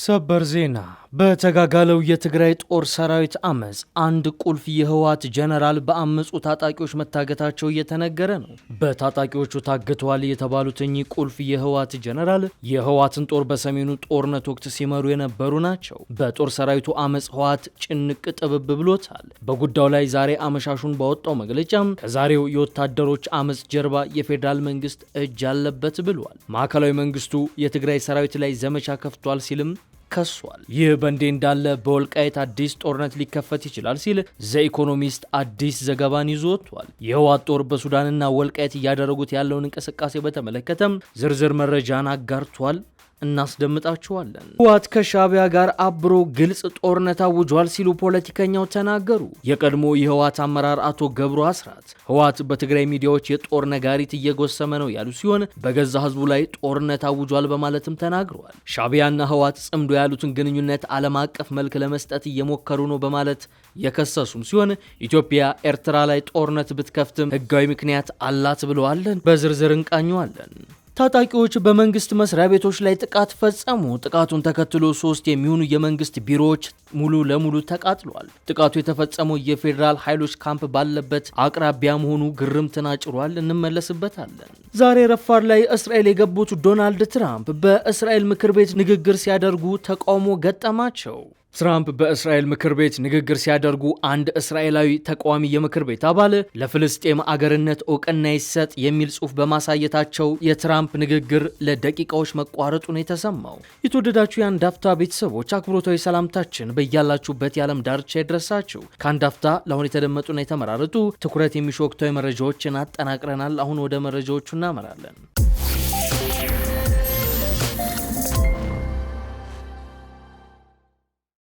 ሰበር ዜና። በተጋጋለው የትግራይ ጦር ሰራዊት አመፅ አንድ ቁልፍ የህወሓት ጀነራል በአመፁ ታጣቂዎች መታገታቸው እየተነገረ ነው። በታጣቂዎቹ ታግተዋል የተባሉት እኚህ ቁልፍ የህወሓት ጀነራል የህወሓትን ጦር በሰሜኑ ጦርነት ወቅት ሲመሩ የነበሩ ናቸው። በጦር ሰራዊቱ አመፅ ህወሓት ጭንቅ ጥብብ ብሎታል። በጉዳዩ ላይ ዛሬ አመሻሹን ባወጣው መግለጫም ከዛሬው የወታደሮች አመፅ ጀርባ የፌዴራል መንግስት እጅ አለበት ብሏል። ማዕከላዊ መንግስቱ የትግራይ ሰራዊት ላይ ዘመቻ ከፍቷል ሲልም ከሷል። ይህ በእንዲህ እንዳለ በወልቃይት አዲስ ጦርነት ሊከፈት ይችላል ሲል ዘኢኮኖሚስት አዲስ ዘገባን ይዞ ወጥቷል። የህወሓት ጦር በሱዳንና ወልቃይት እያደረጉት ያለውን እንቅስቃሴ በተመለከተም ዝርዝር መረጃን አጋርቷል። እናስደምጣችኋለን። ህወሓት ከሻቢያ ጋር አብሮ ግልጽ ጦርነት አውጇል ሲሉ ፖለቲከኛው ተናገሩ። የቀድሞ የህወሓት አመራር አቶ ገብሩ አስራት ህወሓት በትግራይ ሚዲያዎች የጦር ነጋሪት እየጎሰመ ነው ያሉ ሲሆን በገዛ ህዝቡ ላይ ጦርነት አውጇል በማለትም ተናግረዋል። ሻዕቢያና ህወሓት ጽምዶ ያሉትን ግንኙነት ዓለም አቀፍ መልክ ለመስጠት እየሞከሩ ነው በማለት የከሰሱም ሲሆን ኢትዮጵያ ኤርትራ ላይ ጦርነት ብትከፍትም ህጋዊ ምክንያት አላት ብለዋለን። በዝርዝር እንቃኘዋለን። ታጣቂዎች በመንግስት መስሪያ ቤቶች ላይ ጥቃት ፈጸሙ። ጥቃቱን ተከትሎ ሶስት የሚሆኑ የመንግስት ቢሮዎች ሙሉ ለሙሉ ተቃጥሏል። ጥቃቱ የተፈጸመው የፌዴራል ኃይሎች ካምፕ ባለበት አቅራቢያ መሆኑ ግርምትን አጭሯል። እንመለስበታለን። ዛሬ ረፋር ላይ እስራኤል የገቡት ዶናልድ ትራምፕ በእስራኤል ምክር ቤት ንግግር ሲያደርጉ ተቃውሞ ገጠማቸው። ትራምፕ በእስራኤል ምክር ቤት ንግግር ሲያደርጉ አንድ እስራኤላዊ ተቃዋሚ የምክር ቤት አባል ለፍልስጤም አገርነት እውቅና ይሰጥ የሚል ጽሑፍ በማሳየታቸው የትራምፕ ንግግር ለደቂቃዎች መቋረጡ የተሰማው። የተወደዳችሁ የአንዳፍታ ቤተሰቦች አክብሮታዊ ሰላምታችን በያላችሁበት የዓለም ዳርቻ ይድረሳችሁ። ከአንዳፍታ ለአሁን የተደመጡና የተመራረጡ ትኩረት የሚሹ ወቅታዊ መረጃዎችን አጠናቅረናል። አሁን ወደ መረጃዎቹ እናመራለን።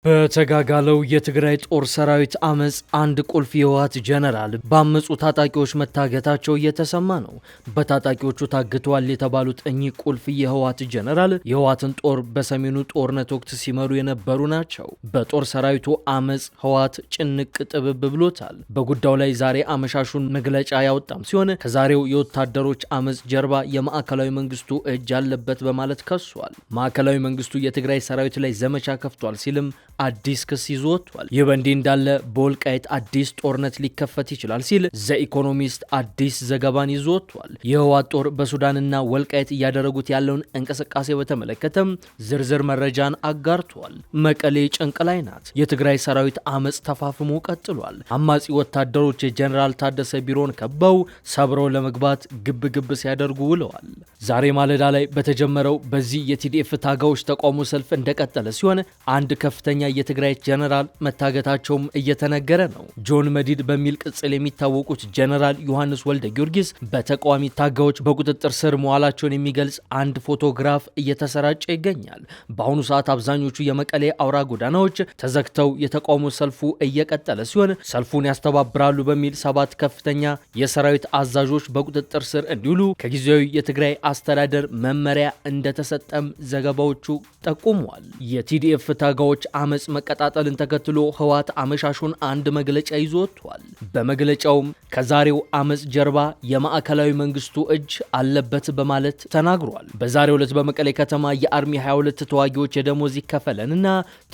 በተጋጋለው የትግራይ ጦር ሰራዊት አመፅ አንድ ቁልፍ የህወሓት ጀነራል በአመፁ ታጣቂዎች መታገታቸው እየተሰማ ነው። በታጣቂዎቹ ታግተዋል የተባሉት እኚህ ቁልፍ የህወሓት ጀነራል የህወሓትን ጦር በሰሜኑ ጦርነት ወቅት ሲመሩ የነበሩ ናቸው። በጦር ሰራዊቱ አመፅ ህወሓት ጭንቅ ጥብብ ብሎታል። በጉዳዩ ላይ ዛሬ አመሻሹን መግለጫ ያወጣም ሲሆን ከዛሬው የወታደሮች አመፅ ጀርባ የማዕከላዊ መንግስቱ እጅ አለበት በማለት ከሷል። ማዕከላዊ መንግስቱ የትግራይ ሰራዊት ላይ ዘመቻ ከፍቷል ሲልም አዲስ ክስ ይዞ ወጥቷል። ይህ በእንዲህ እንዳለ በወልቃይት አዲስ ጦርነት ሊከፈት ይችላል ሲል ዘኢኮኖሚስት አዲስ ዘገባን ይዞ ወጥቷል። የህወሓት ጦር በሱዳንና ወልቃይት እያደረጉት ያለውን እንቅስቃሴ በተመለከተም ዝርዝር መረጃን አጋርቷል። መቀሌ ጭንቅ ላይ ናት። የትግራይ ሰራዊት አመፅ ተፋፍሞ ቀጥሏል። አማጺ ወታደሮች የጀኔራል ታደሰ ቢሮን ከበው ሰብረው ለመግባት ግብ ግብ ሲያደርጉ ውለዋል። ዛሬ ማለዳ ላይ በተጀመረው በዚህ የቲዲኤፍ ታጋዮች ተቃውሞ ሰልፍ እንደቀጠለ ሲሆን አንድ ከፍተኛ የትግራይ ጀነራል መታገታቸውም እየተነገረ ነው። ጆን መዲድ በሚል ቅጽል የሚታወቁት ጀነራል ዮሐንስ ወልደ ጊዮርጊስ በተቃዋሚ ታጋዮች በቁጥጥር ስር መዋላቸውን የሚገልጽ አንድ ፎቶግራፍ እየተሰራጨ ይገኛል። በአሁኑ ሰዓት አብዛኞቹ የመቀሌ አውራ ጎዳናዎች ተዘግተው የተቃውሞ ሰልፉ እየቀጠለ ሲሆን ሰልፉን ያስተባብራሉ በሚል ሰባት ከፍተኛ የሰራዊት አዛዦች በቁጥጥር ስር እንዲውሉ ከጊዜያዊ የትግራይ አስተዳደር መመሪያ እንደተሰጠም ዘገባዎቹ ጠቁመዋል። የቲዲኤፍ ታጋዎች አመ አመፅ መቀጣጠልን ተከትሎ ህወሓት አመሻሹን አንድ መግለጫ ይዞ ወጥቷል። በመግለጫውም ከዛሬው አመፅ ጀርባ የማዕከላዊ መንግስቱ እጅ አለበት በማለት ተናግሯል። በዛሬው ዕለት በመቀሌ ከተማ የአርሚ 22 ተዋጊዎች የደሞዝ ይከፈለንና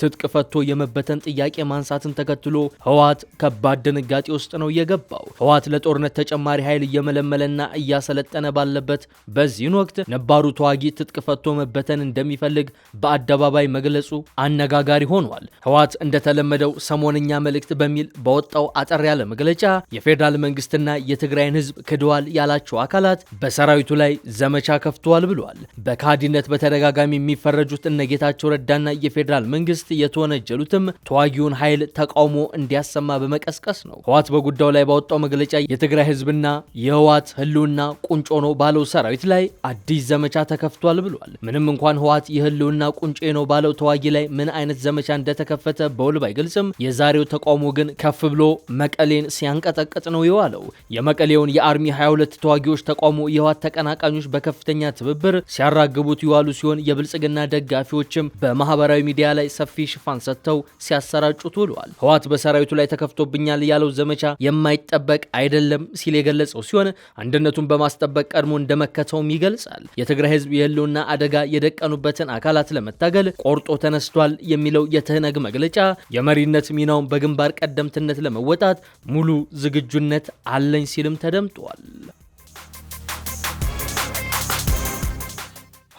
ትጥቅ ፈቶ የመበተን ጥያቄ ማንሳትን ተከትሎ ህወሓት ከባድ ድንጋጤ ውስጥ ነው የገባው። ህወሓት ለጦርነት ተጨማሪ ኃይል እየመለመለና እያሰለጠነ ባለበት በዚህን ወቅት ነባሩ ተዋጊ ትጥቅ ፈቶ መበተን እንደሚፈልግ በአደባባይ መግለጹ አነጋጋሪ ሆኗል። ገልጸዋል። ህወሓት እንደተለመደው ሰሞነኛ መልእክት በሚል በወጣው አጠር ያለ መግለጫ የፌዴራል መንግስትና የትግራይን ህዝብ ክደዋል ያላቸው አካላት በሰራዊቱ ላይ ዘመቻ ከፍተዋል ብሏል። በካዲነት በተደጋጋሚ የሚፈረጁት እነጌታቸው ረዳና የፌዴራል መንግስት የተወነጀሉትም ተዋጊውን ኃይል ተቃውሞ እንዲያሰማ በመቀስቀስ ነው። ህወሓት በጉዳዩ ላይ ባወጣው መግለጫ የትግራይ ህዝብና የህወሓት ህልውና ቁንጮ ነው ባለው ሰራዊት ላይ አዲስ ዘመቻ ተከፍቷል ብሏል። ምንም እንኳን ህወሓት የህልውና ቁንጮ ነው ባለው ተዋጊ ላይ ምን አይነት ዘመቻ እንደተከፈተ በውል ባይገልጽም የዛሬው ተቃውሞ ግን ከፍ ብሎ መቀሌን ሲያንቀጠቅጥ ነው የዋለው። የመቀሌውን የአርሚ 22 ተዋጊዎች ተቃውሞ የህወሓት ተቀናቃኞች በከፍተኛ ትብብር ሲያራግቡት ይዋሉ ሲሆን የብልጽግና ደጋፊዎችም በማህበራዊ ሚዲያ ላይ ሰፊ ሽፋን ሰጥተው ሲያሰራጩት ውለዋል። ህወሓት በሰራዊቱ ላይ ተከፍቶብኛል ያለው ዘመቻ የማይጠበቅ አይደለም ሲል የገለጸው ሲሆን አንድነቱን በማስጠበቅ ቀድሞ እንደመከተውም ይገልጻል። የትግራይ ህዝብ የህልውና አደጋ የደቀኑበትን አካላት ለመታገል ቆርጦ ተነስቷል የሚለው የትህነግ መግለጫ የመሪነት ሚናውን በግንባር ቀደምትነት ለመወጣት ሙሉ ዝግጁነት አለኝ ሲልም ተደምጧል።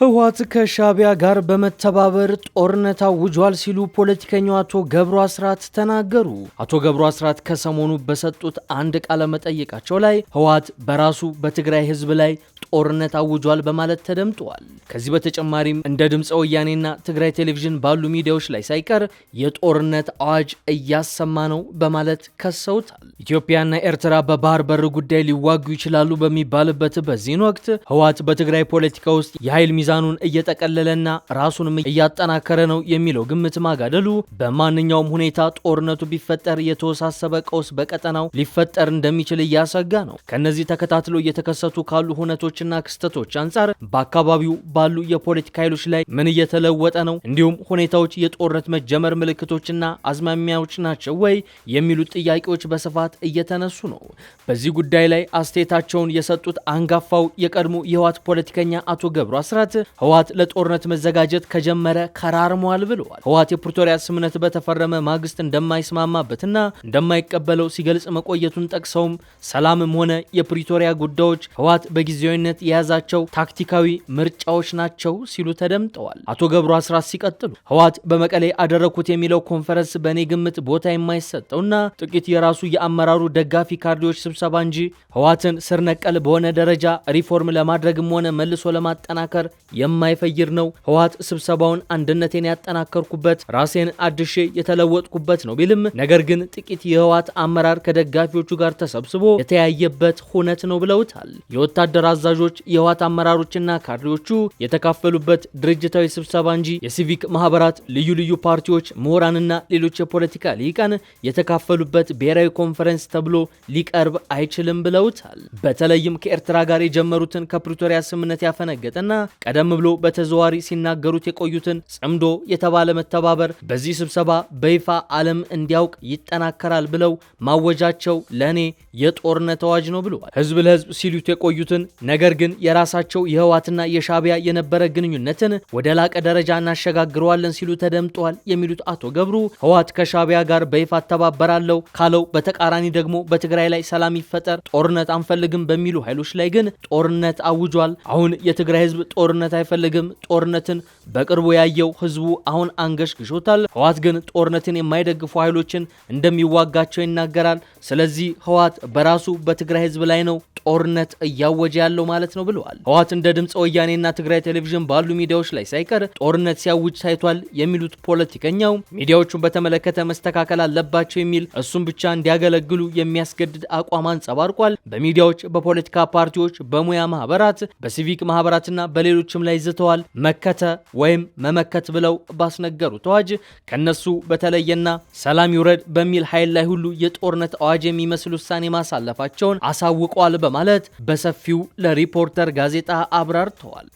ህወሓት ከሻቢያ ጋር በመተባበር ጦርነት አውጇል ሲሉ ፖለቲከኛው አቶ ገብሩ አስራት ተናገሩ። አቶ ገብሩ አስራት ከሰሞኑ በሰጡት አንድ ቃለ መጠይቃቸው ላይ ህወሓት በራሱ በትግራይ ህዝብ ላይ ጦርነት አውጇል በማለት ተደምጠዋል። ከዚህ በተጨማሪም እንደ ድምፀ ወያኔና ትግራይ ቴሌቪዥን ባሉ ሚዲያዎች ላይ ሳይቀር የጦርነት አዋጅ እያሰማ ነው በማለት ከሰውታል። ኢትዮጵያና ኤርትራ በባህር በር ጉዳይ ሊዋጉ ይችላሉ በሚባልበት በዚህን ወቅት ህወሓት በትግራይ ፖለቲካ ውስጥ የኃይል ሚዛኑን እየጠቀለለና ራሱንም እያጠናከረ ነው የሚለው ግምት ማጋደሉ በማንኛውም ሁኔታ ጦርነቱ ቢፈጠር የተወሳሰበ ቀውስ በቀጠናው ሊፈጠር እንደሚችል እያሰጋ ነው። ከነዚህ ተከታትሎ እየተከሰቱ ካሉ ሁነቶችና ክስተቶች አንጻር በአካባቢው ባሉ የፖለቲካ ኃይሎች ላይ ምን እየተለወጠ ነው፣ እንዲሁም ሁኔታዎች የጦርነት መጀመር ምልክቶችና አዝማሚያዎች ናቸው ወይ የሚሉ ጥያቄዎች በስፋት እየተነሱ ነው። በዚህ ጉዳይ ላይ አስተያየታቸውን የሰጡት አንጋፋው የቀድሞ የህወሓት ፖለቲከኛ አቶ ገብሩ አስራት ህወሓት ለጦርነት መዘጋጀት ከጀመረ ከራርሟል ብለዋል። ህወሓት የፕሪቶሪያ ስምምነት በተፈረመ ማግስት እንደማይስማማበትና እንደማይቀበለው ሲገልጽ መቆየቱን ጠቅሰውም ሰላምም ሆነ የፕሪቶሪያ ጉዳዮች ህወሓት በጊዜያዊነት የያዛቸው ታክቲካዊ ምርጫዎች ናቸው ሲሉ ተደምጠዋል። አቶ ገብሩ አስራት ሲቀጥሉ ህወሓት በመቀሌ አደረኩት የሚለው ኮንፈረንስ በእኔ ግምት ቦታ የማይሰጠውና ጥቂት የራሱ የአመራሩ ደጋፊ ካርዲዎች ስብሰባ እንጂ ህወሓትን ስር ነቀል በሆነ ደረጃ ሪፎርም ለማድረግም ሆነ መልሶ ለማጠናከር የማይፈይድ ነው። ህወሓት ስብሰባውን አንድነቴን ያጠናከርኩበት ራሴን አድሼ የተለወጥኩበት ነው ቢልም ነገር ግን ጥቂት የህወሓት አመራር ከደጋፊዎቹ ጋር ተሰብስቦ የተያየበት ሁነት ነው ብለውታል። የወታደር አዛዦች፣ የህወሓት አመራሮችና ካድሬዎቹ የተካፈሉበት ድርጅታዊ ስብሰባ እንጂ የሲቪክ ማህበራት፣ ልዩ ልዩ ፓርቲዎች፣ ምሁራንና ሌሎች የፖለቲካ ሊቃን የተካፈሉበት ብሔራዊ ኮንፈረንስ ተብሎ ሊቀርብ አይችልም ብለውታል። በተለይም ከኤርትራ ጋር የጀመሩትን ከፕሪቶሪያ ስምምነት ያፈነገጠና ቀደም ብሎ በተዘዋሪ ሲናገሩት የቆዩትን ጽምዶ የተባለ መተባበር በዚህ ስብሰባ በይፋ ዓለም እንዲያውቅ ይጠናከራል ብለው ማወጃቸው ለእኔ የጦርነት አዋጅ ነው ብለዋል። ህዝብ ለህዝብ ሲሉት የቆዩትን ነገር ግን የራሳቸው የህዋትና የሻቢያ የነበረ ግንኙነትን ወደ ላቀ ደረጃ እናሸጋግረዋለን ሲሉ ተደምጠዋል የሚሉት አቶ ገብሩ ህዋት ከሻቢያ ጋር በይፋ እተባበራለሁ ካለው በተቃራኒ ደግሞ በትግራይ ላይ ሰላም ይፈጠር ጦርነት አንፈልግም በሚሉ ኃይሎች ላይ ግን ጦርነት አውጇል። አሁን የትግራይ ህዝብ ጦርነት ጦርነት አይፈልግም። ጦርነትን በቅርቡ ያየው ህዝቡ አሁን አንገሽግሾታል። ህወሓት ግን ጦርነትን የማይደግፉ ኃይሎችን እንደሚዋጋቸው ይናገራል። ስለዚህ ህወሓት በራሱ በትግራይ ህዝብ ላይ ነው ጦርነት እያወጀ ያለው ማለት ነው ብለዋል። ህወሓት እንደ ድምፀ ወያኔና ትግራይ ቴሌቪዥን ባሉ ሚዲያዎች ላይ ሳይቀር ጦርነት ሲያውጅ ታይቷል የሚሉት ፖለቲከኛው ሚዲያዎቹን በተመለከተ መስተካከል አለባቸው የሚል እሱም ብቻ እንዲያገለግሉ የሚያስገድድ አቋም አንጸባርቋል። በሚዲያዎች፣ በፖለቲካ ፓርቲዎች፣ በሙያ ማህበራት፣ በሲቪክ ማህበራትና በሌሎችም ላይ ዝተዋል። መከተ ወይም መመከት ብለው ባስነገሩት አዋጅ ከነሱ በተለየና ሰላም ይውረድ በሚል ኃይል ላይ ሁሉ የጦርነት አዋጅ አዋጅ የሚመስል ውሳኔ ማሳለፋቸውን አሳውቋል በማለት በሰፊው ለሪፖርተር ጋዜጣ አብራርተዋል።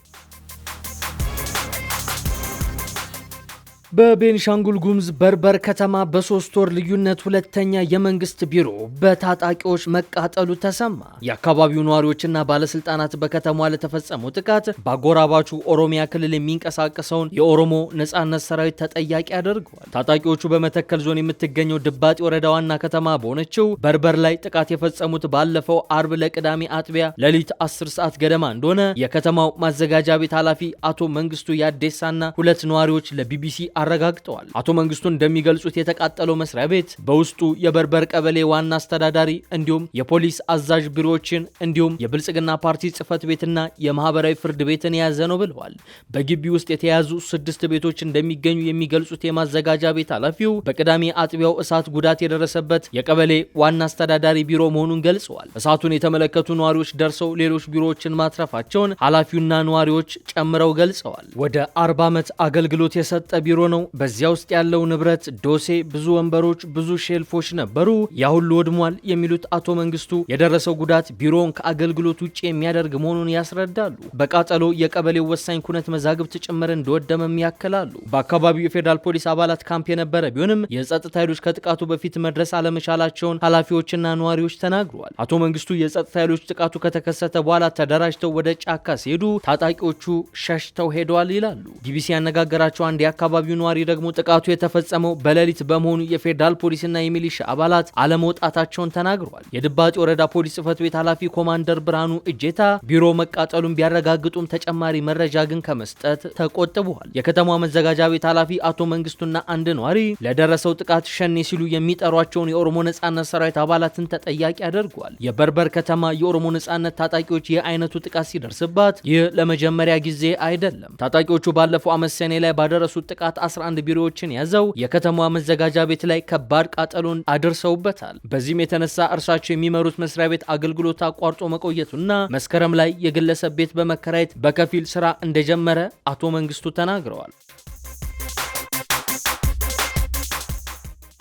በቤንሻንጉል ጉሙዝ በርበር ከተማ በሶስት ወር ልዩነት ሁለተኛ የመንግስት ቢሮ በታጣቂዎች መቃጠሉ ተሰማ። የአካባቢው ነዋሪዎችና ባለስልጣናት በከተማዋ ለተፈጸመው ጥቃት በአጎራባቹ ኦሮሚያ ክልል የሚንቀሳቀሰውን የኦሮሞ ነጻነት ሰራዊት ተጠያቂ አድርገዋል። ታጣቂዎቹ በመተከል ዞን የምትገኘው ድባጤ ወረዳ ዋና ከተማ በሆነችው በርበር ላይ ጥቃት የፈጸሙት ባለፈው አርብ ለቅዳሜ አጥቢያ ሌሊት 10 ሰዓት ገደማ እንደሆነ የከተማው ማዘጋጃ ቤት ኃላፊ አቶ መንግስቱ ያዴሳና ሁለት ነዋሪዎች ለቢቢሲ አረጋግጠዋል። አቶ መንግስቱ እንደሚገልጹት የተቃጠለው መስሪያ ቤት በውስጡ የበርበር ቀበሌ ዋና አስተዳዳሪ እንዲሁም የፖሊስ አዛዥ ቢሮዎችን እንዲሁም የብልጽግና ፓርቲ ጽህፈት ቤትና የማህበራዊ ፍርድ ቤትን የያዘ ነው ብለዋል። በግቢ ውስጥ የተያዙ ስድስት ቤቶች እንደሚገኙ የሚገልጹት የማዘጋጃ ቤት ኃላፊው በቅዳሜ አጥቢያው እሳት ጉዳት የደረሰበት የቀበሌ ዋና አስተዳዳሪ ቢሮ መሆኑን ገልጸዋል። እሳቱን የተመለከቱ ነዋሪዎች ደርሰው ሌሎች ቢሮዎችን ማትረፋቸውን ኃላፊውና ነዋሪዎች ጨምረው ገልጸዋል። ወደ አርባ ዓመት አገልግሎት የሰጠ ቢሮ ነው። በዚያ ውስጥ ያለው ንብረት ዶሴ፣ ብዙ ወንበሮች፣ ብዙ ሼልፎች ነበሩ። ያ ሁሉ ወድሟል የሚሉት አቶ መንግስቱ የደረሰው ጉዳት ቢሮውን ከአገልግሎት ውጭ የሚያደርግ መሆኑን ያስረዳሉ። በቃጠሎ የቀበሌው ወሳኝ ኩነት መዛግብት ጭምር እንደወደመም ያክላሉ። በአካባቢው የፌዴራል ፖሊስ አባላት ካምፕ የነበረ ቢሆንም የጸጥታ ኃይሎች ከጥቃቱ በፊት መድረስ አለመቻላቸውን ኃላፊዎችና ነዋሪዎች ተናግረዋል። አቶ መንግስቱ የጸጥታ ኃይሎች ጥቃቱ ከተከሰተ በኋላ ተደራጅተው ወደ ጫካ ሲሄዱ ታጣቂዎቹ ሸሽተው ሄደዋል ይላሉ። ቢቢሲ ያነጋገራቸው አንድ የአካባቢው ነዋሪ ደግሞ ጥቃቱ የተፈጸመው በሌሊት በመሆኑ የፌዴራል ፖሊስና የሚሊሻ አባላት አለመውጣታቸውን ተናግረዋል። የድባጭ ወረዳ ፖሊስ ጽህፈት ቤት ኃላፊ ኮማንደር ብርሃኑ እጄታ ቢሮ መቃጠሉን ቢያረጋግጡም ተጨማሪ መረጃ ግን ከመስጠት ተቆጥቧል። የከተማ መዘጋጃ ቤት ኃላፊ አቶ መንግስቱና አንድ ነዋሪ ለደረሰው ጥቃት ሸኔ ሲሉ የሚጠሯቸውን የኦሮሞ ነጻነት ሰራዊት አባላትን ተጠያቂ አድርጓል። የበርበር ከተማ የኦሮሞ ነጻነት ታጣቂዎች የአይነቱ ጥቃት ሲደርስባት ይህ ለመጀመሪያ ጊዜ አይደለም። ታጣቂዎቹ ባለፈው አመት ሰኔ ላይ ባደረሱት ጥቃት 11 ቢሮዎችን ያዘው የከተማዋ መዘጋጃ ቤት ላይ ከባድ ቃጠሎን አድርሰውበታል። በዚህም የተነሳ እርሳቸው የሚመሩት መስሪያ ቤት አገልግሎት አቋርጦ መቆየቱና መስከረም ላይ የግለሰብ ቤት በመከራየት በከፊል ስራ እንደጀመረ አቶ መንግስቱ ተናግረዋል።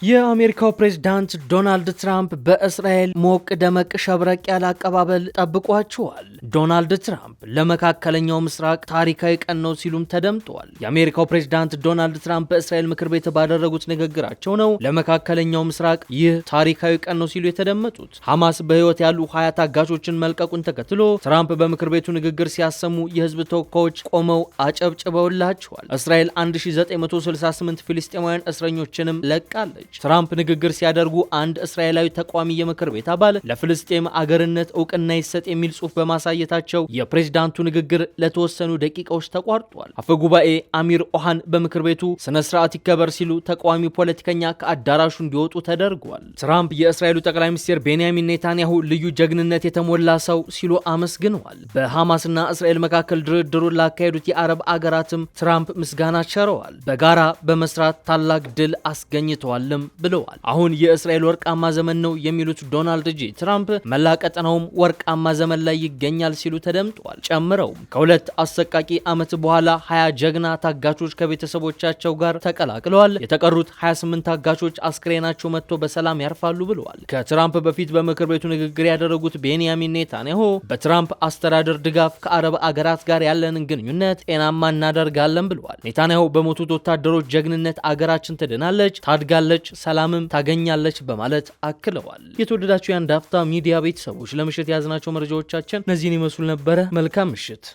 የአሜሪካው ፕሬዝዳንት ዶናልድ ትራምፕ በእስራኤል ሞቅ ደመቅ ሸብረቅ ያለ አቀባበል ጠብቋቸዋል። ዶናልድ ትራምፕ ለመካከለኛው ምስራቅ ታሪካዊ ቀን ነው ሲሉም ተደምጠዋል። የአሜሪካው ፕሬዝዳንት ዶናልድ ትራምፕ በእስራኤል ምክር ቤት ባደረጉት ንግግራቸው ነው ለመካከለኛው ምስራቅ ይህ ታሪካዊ ቀን ነው ሲሉ የተደመጡት። ሐማስ በሕይወት ያሉ ሀያ ታጋቾችን መልቀቁን ተከትሎ ትራምፕ በምክር ቤቱ ንግግር ሲያሰሙ የህዝብ ተወካዮች ቆመው አጨብጭበውላቸዋል። እስራኤል 1968 ፊልስጤማውያን እስረኞችንም ለቃለች። አቅርባለች። ትራምፕ ንግግር ሲያደርጉ አንድ እስራኤላዊ ተቋሚ የምክር ቤት አባል ለፍልስጤም አገርነት እውቅና ይሰጥ የሚል ጽሑፍ በማሳየታቸው የፕሬዝዳንቱ ንግግር ለተወሰኑ ደቂቃዎች ተቋርጧል። አፈ ጉባኤ አሚር ኦሃን በምክር ቤቱ ስነ ስርዓት ይከበር ሲሉ ተቃዋሚ ፖለቲከኛ ከአዳራሹ እንዲወጡ ተደርጓል። ትራምፕ የእስራኤሉ ጠቅላይ ሚኒስትር ቤንያሚን ኔታንያሁ ልዩ ጀግንነት የተሞላ ሰው ሲሉ አመስግነዋል። በሐማስና እስራኤል መካከል ድርድሩን ላካሄዱት የአረብ አገራትም ትራምፕ ምስጋና ቸረዋል። በጋራ በመስራት ታላቅ ድል አስገኝተዋል። አይደለም ብለዋል። አሁን የእስራኤል ወርቃማ ዘመን ነው የሚሉት ዶናልድ ጂ ትራምፕ መላ ቀጠናውም ወርቃማ ዘመን ላይ ይገኛል ሲሉ ተደምጧል ጨምረውም ከሁለት አሰቃቂ ዓመት በኋላ 20 ጀግና ታጋቾች ከቤተሰቦቻቸው ጋር ተቀላቅለዋል። የተቀሩት 28 ታጋቾች አስክሬናቸው መጥቶ በሰላም ያርፋሉ ብለዋል። ከትራምፕ በፊት በምክር ቤቱ ንግግር ያደረጉት ቤንያሚን ኔታንያሁ በትራምፕ አስተዳደር ድጋፍ ከአረብ አገራት ጋር ያለንን ግንኙነት ጤናማ እናደርጋለን ብለዋል። ኔታንያሁ በሞቱት ወታደሮች ጀግንነት አገራችን ትድናለች፣ ታድጋለች፣ ሰላምም ታገኛለች በማለት አክለዋል። የተወደዳቸው የአንድ አፍታ ሚዲያ ቤተሰቦች ለምሽት የያዝናቸው መረጃዎቻችን እነዚህን ይመስሉ ነበረ። መልካም ምሽት።